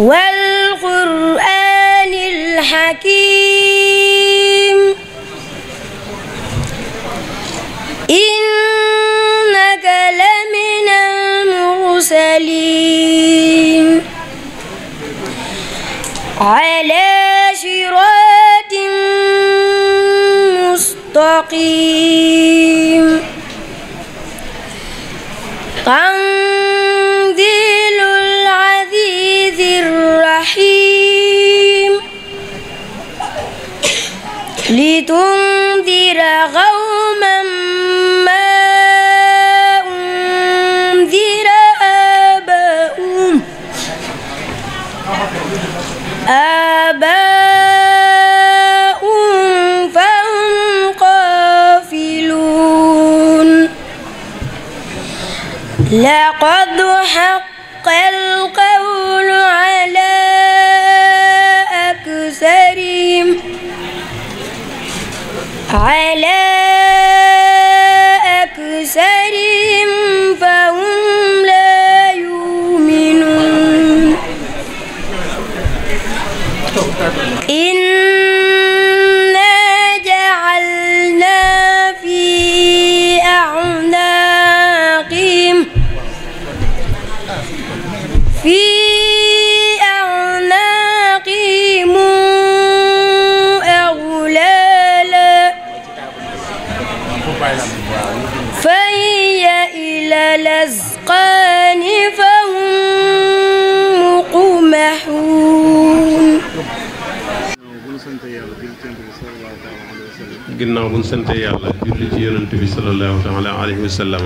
والقرآن الحكيم إنك لمن المرسلين على شراط مستقيم الجحيم لتنذر قوما ما أنذر آباؤهم آباؤهم فهم قافلون لقد حق ginnaaw bu ñu sante yàlla julli ci yonent bi sallallahu taala alayhi wa sallam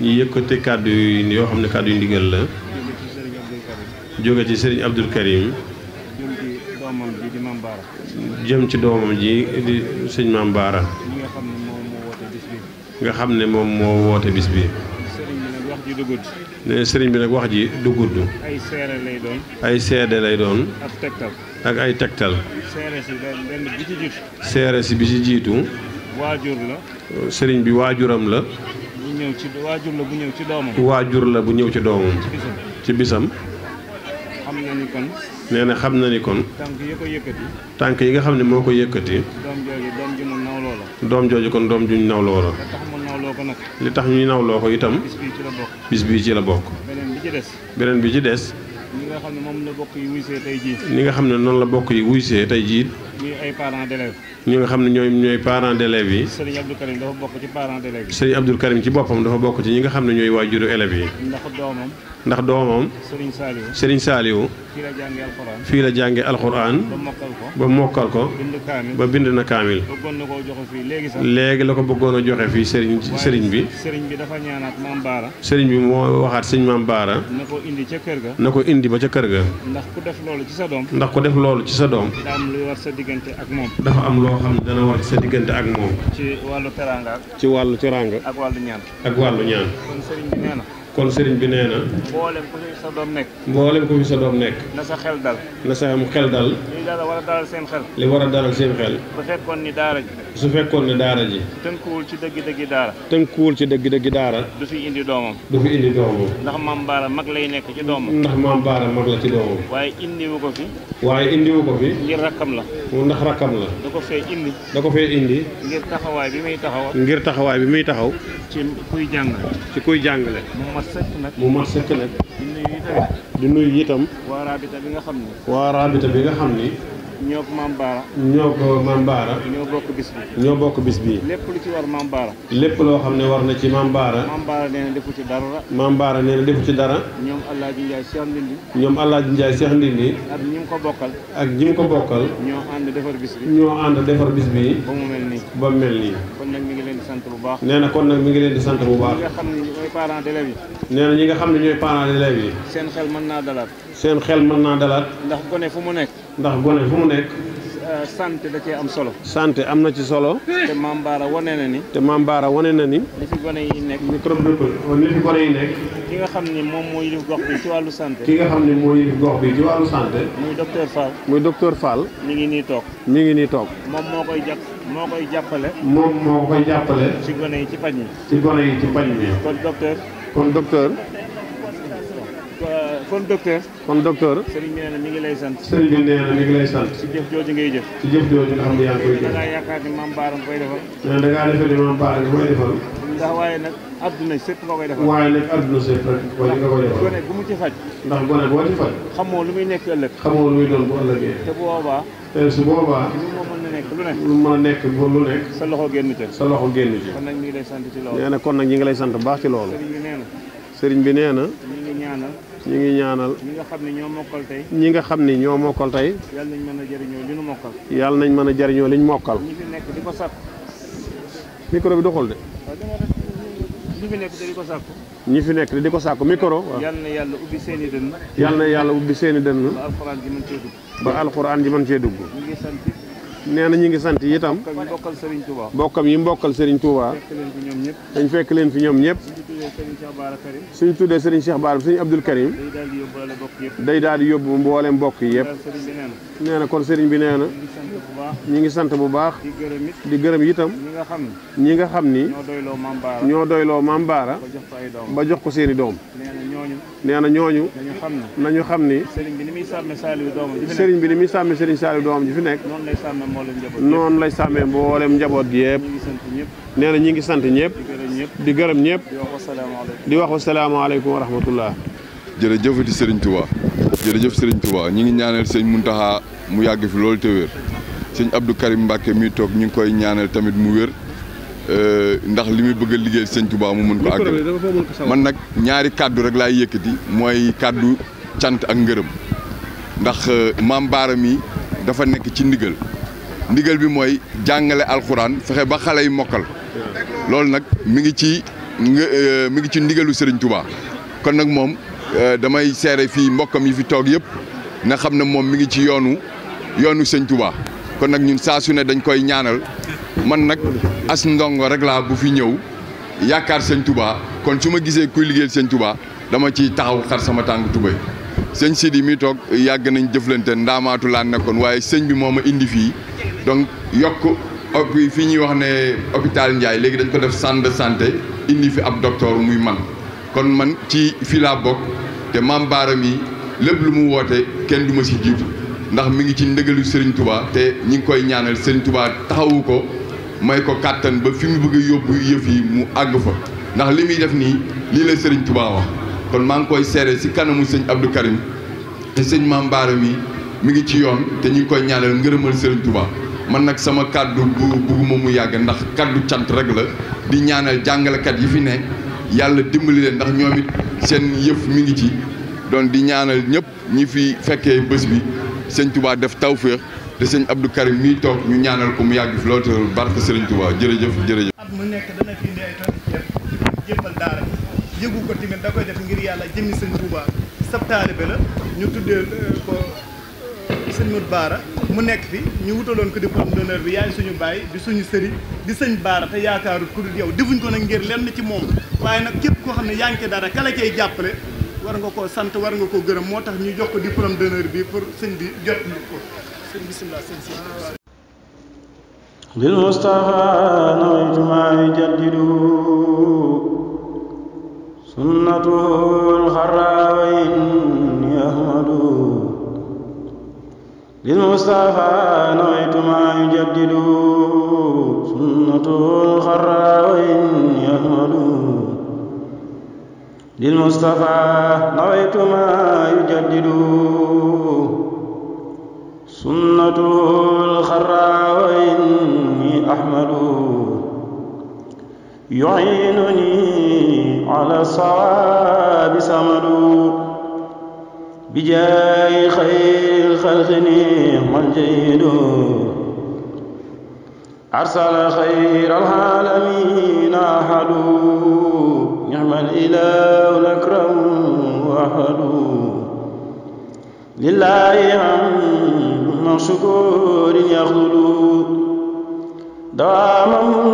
ñu yëkkati kàddu yu yoo xam ne kàddu yu ndigal la jóge ci sëriñ Abdul Karim jëm ci doomam ji di sëñ Maam nga xam ne moom moo woote bis bi ne sëriñ bi nag wax ji du gudd ay seede lay doon ay seede lay doon ak ak ay tegtal. seere si bi ci jiitu. waajur la. sëriñ bi waajuram la. bu ñëw ci waajur la bu ñëw ci doomam. waajur la bu ñëw ci doomam. ci bisam. xam na ni kon. nee na xam na ni kon. tànk yi ko tànk yi nga xam ne moo ko yëkkati. doom jooju kon doom juñ nawloo la. li tax ñuy nawloo ko itam. bis bii ci la bokk. bis beneen bi ci des. nga xam ne moom la bokk yi nga xam ne noonu la bokk yi wuysee tey jii. ñuy ay parents d'élèves. ñi nga xam ne ñooy ñooy parents d'élèves yi. Serigne Abdou Karim dafa bokk ci boppam dafa bokk ci ñi nga xam ne ñooy waajuru élèves yi. ndax doomam. ndax doomam. fii la jàngee alxuraan. fii la jàngee alxuraan. ba mokkal ko. ba mokkal ko. bind ba bind na kaamil. bëggoon koo joxe fii léegi sax. la ko bëggoon a joxe fii Serigne Serigne bi. Serigne bi dafa bi moo waxaat sëñ maam Baara. na ko indi ca kër ga. na ko indi ba ca ca kër ga. ndax ku def loolu ci sa doom. ndax ku def loolu ci sa doom. dafa am lu war sa diggante ak moom. dafa am loo xam ne dana war sa diggante ak moom. ci wàllu teraanga. ci wàllu teraanga. ak wàllu ñaan. ak wàllu ñaan. kon sëriñ bi nee na. mboolem ku fi sa doom nekk. mboolem ku sa xel dal. na sa am xel dal. li daal war a seen xel. li war a dalal seen xel. bu fekkoon ni daara ji. su fekkoon ni daara ji. tënkuwul ci dëgg-dëggi daara. tënkuwul ci dëgg-dëggi daara. du fi indi doomam. du fi indi doomam. ndax maam Baara mag lay nekk ci doomam. ndax maam Baara mag la ci doomam. waaye indiwu ko fi. waaye indiwu ko fi. ngir rakkam la. ndax rakkam la. da ko fee indi. da ko fee indi. ngir taxawaay bi muy taxaw. ngir taxawaay bi muy taxaw. ci kuy mu mat sëkk nag. di nuyu itam. waa raabita bi nga xam ni. waa raabita bi nga xam ni. ñoo ko maam Baara. ñoo ko maam ñoo bokk bis bi. ñoo bokk bis bi. lépp lu ci war maam lépp loo xam ne war na ci maam Baara. maam defu ci dara. maam Baara nee defu ci dara. ñoom El Hadj Ndiaye Cheikh bi ñoom El Hadj Ndiaye Cheikh ak ñi mu ko bokkal. ak ñi mu ko bokkal. ñoo ànd defar bis bi. ñoo ànd defar bi. ba mu mel nii. ba mu mel nii. kon nag mi ngi leen di sant bu baax. nee na kon nag mi ngi leen di sant bu baax. ñi nga xam ne ñooy parents d'élèves yi. ñi nga xam ne ñooy parents d'élèves yi. seen xel mën naa dalaat. seen xel mën naa dalaat. ndax gone fu mu nekk ndax gone fu mu nekk. Euh, santé da cee am solo. santé am na ci solo. te Maam Baara wane na ni. te Maam Baara wane na ni. li fi gone yi nekk. microbe de pël li fi gone yi nekk. ki nga xam ni moom moo yilif gox bi ci wàllu santé. ki nga xam ni moo yilif gox bi ci wàllu santé. muy docteur Fall. muy docteur Fall. mi ngi nii toog. mi ngi nii toog. moom moo koy jàpp moo koy jàppale. moom moo koy jàppale. ci gone yi ci paj mi. ci gone yi ci paj mi. kon docteur. kon docteur. kon docteur. kon docteur. sëriñ bi nee na mi ngi lay sant. sëriñ bi nee na mi ngi lay sant. ngay jëf. ci jëf jooju nga xam ne yaa ngi koy jëf. da ngaa yaakaar ni maam Baara nga koy defal. nee na da ngaa defee ni maam Baara nga koy defal. ndax waaye nag adduna nga koy defal. waaye nag adduna sëpp rek mu ci boo ci faj. xamoo lu muy nekk ëllëg. xamoo lu muy doon bu ëllëgee. te bu boobaa. te su boobaa. lu mën a génn ca. sa loxo nag ñu ngi lay sant ci loolu. nee na kon nag ñu ngi lay sant baax ci loolu. sëriñ bi nee ñaanal ñi ngi ñaanal ñi nga xamni ño mokal tay ñi nga xamni ño mokal tay yalla mana nañ mëna a jëriñoo li ñu mokkal nañ mëna liñ mokal ñi fi nekk di ko micro bi doxal de ñi fi nekk di ko ñi fi nekk di ko micro yalla na yalla ubbi seeni deun yalla na yalla ubbi seeni ba alxuraan ji ba alxuraan ji mën cee dugg ñi ngi sant ñi ngi sant itam bokkam yi mbokkal Serigne Touba bokkam yi mbokkal Serigne Touba dañ fekk leen fi ñom ñep suñ tuddee Serigne Cheikh Bara Serigne Abdoul Karim day daal di yóbbu mboolem mbokk yi yëpp nee na kon Serigne bi nee na ñi ngi sant bu baax di gërëm itam ñi nga xam ni ñoo doyloo Maam Baara ba jox ko seeni doom nee na ñooñu nañu xam ni sëriñ bi ni muy sàmmee Serigne Saliou doomam ji fi nekk noonu lay sàmmee mboolem njaboot gi yëpp neena ñi ngi sant ñepp di gërëm ñepp di wax alaykum wa rahmatullah jërëjëfati Serigne Touba jërëjëf Serigne Touba ñi ngi ñaanal serigne muntaha mu yagg fi lol te wër serigne Abdou Karim Mbacke mi tok ñi ngi koy ñaanal tamit mu euh ndax limi bëgg liggéey serigne Touba mu mën ko àggal man nak ñaari kaddu rek lay yëkëti moy kaddu ciant ak ngeureum ndax euh, mam barami dafa nek ci ndigal ndigal bi moy jangale alxuraan fexé ba xalé yi mokal loolu nag mi ngi ci euh, mi ngi ci ndigalu Serigne Touba kon nag moom euh, damay seere fii mbokkam yi fi toog yëpp nga xam ne moom mi ngi ci yoonu yoonu Sëñ Touba kon nag ñun saa su ne dañ koy ñaanal man nag as ndongo rek laa bu fi ñëw yaakaar Sëñ Touba kon su ma gisee kuy liggéeyal Sëñ Touba dama ciy taxaw xar sama tàng tubay sëñ Sidi mi toog yàgg nañ jëflante ndaamaatu laa nekkoon waaye sëñ bi moo ma indi fii donc yokk. op fii ñuy wax ne hôpital Ndiaye léegi dañ ko def centre de santé indi fi ab docteur muy man kon man ci fii laa bokk te maam baaram yi lépp lu mu woote kenn du ma si jiitu ndax mi ngi ci ndëgalu Serigne Touba te ñi ngi koy ñaanal Serigne Touba taxawu ko may ko kàttan ba fi mu bëgg yóbbu yëf yi mu àgg fa ndax li muy def nii lii la sëriñ Touba wax kon maa ngi koy seere si kanamu sëñ Abdou Karim te sëñ maam baaram yi mi ngi ci yoon te ñu ngi koy ñaanal ngërëmal Serigne Touba. man nak sama kaddu bu bugguma mu yag ndax kaddu tiant rek la di ñaanal jangal kat yi fi ne yalla dimbali len ndax ñoomit seen yef mi ngi ci don di ñaanal ñep ñi fi fekke bés bi seigne Touba def tawfiq de seigne Abdou Karim mi tok ñu ñaanal ko mu yag fi loolu barke seigne Touba jere jef jere jef mu nekk dana fi indi tan jébbal daara yegu ko tamit da koy def ngir yalla jëmmi seigne Touba sab taalibe la ñu tuddee ko. sëñ Modou Baara mu nekk fi ñu wutaloon ko diplôme d'honneur bi yaay suñu baay di suñu sëriñ di sëñ Baara te yaakaarut ku dul yow defuñ ko nag ngir lenn ci moom waaye nag képp koo xam ne yaa ngi ci dara kala cay jàppale war nga koo sant war nga koo gërëm moo tax ñu jox ko diplôme d'honneur bi pour sëñ bi jot ñu ko sëñ bisimilah sëñ si بالمصطفى نويت ما يجدد سنته الخرى وإني أحمد للمصطفى نويت ما يجدد سنته الخرى وإن يهمل للمصطفى نويت ما يجدد سنته الخرى وإني أحمل يعينني على الصواب سمل بجاه خير خلقني هو الجيد أرسل خير العالمين أحد نعم الإله الأكرم وحد لله عم شكور يخلد دوام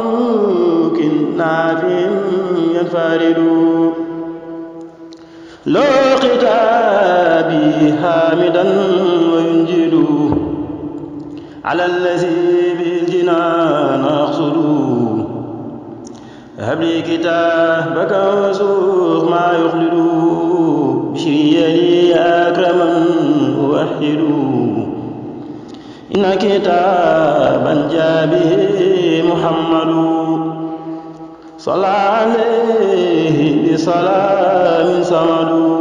ممكن نافع ينفرد لو كتابي حامدا على الذي بالجنان أقصد هب لي كتابك وسوق ما يخلد بشري لي أكرما أوحد إن كتابا جاء به محمد صلى عليه بصلاة صمد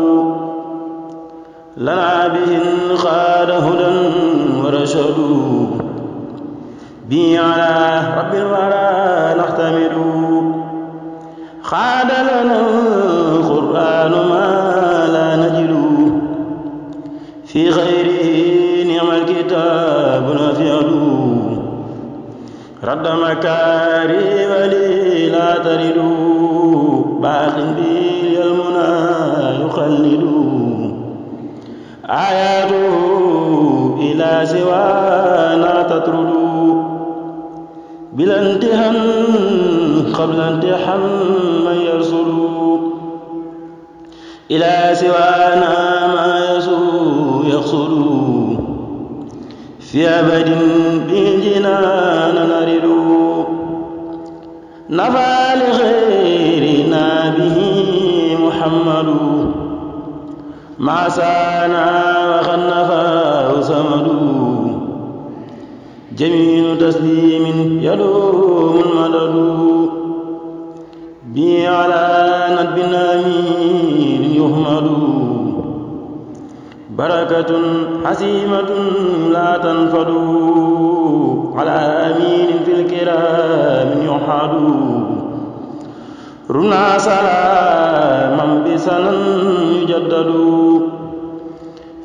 لنا بهن خاد هدى ورشدوا بي على رب الورى نحتمل خاد لنا القرآن ما لا نجد في غيره نعم الكتاب نفعل رد مكارم لي لا ترد باق بي المنى يخلد آياته إلى سوانا لا تطرد بلا امتحان قبل امتحان من يرسل إلى سوانا ما يسوء يقصد في أبد بإنجنا نرد نفى لغيرنا به محمد ما سانا وخلفاه سمد جميل تسليم يلوم المدد بي على ندب أمين يهمد بركة حسيمة لا تنفد على أمين في الكرام يحدو رنا سلاما بسنا يجدد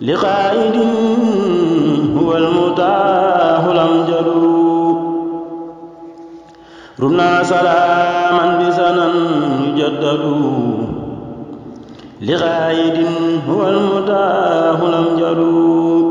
لقائد هو المتاه الأمجد رنا سلاما بسنا يجدد لقائد هو المتاه الأمجد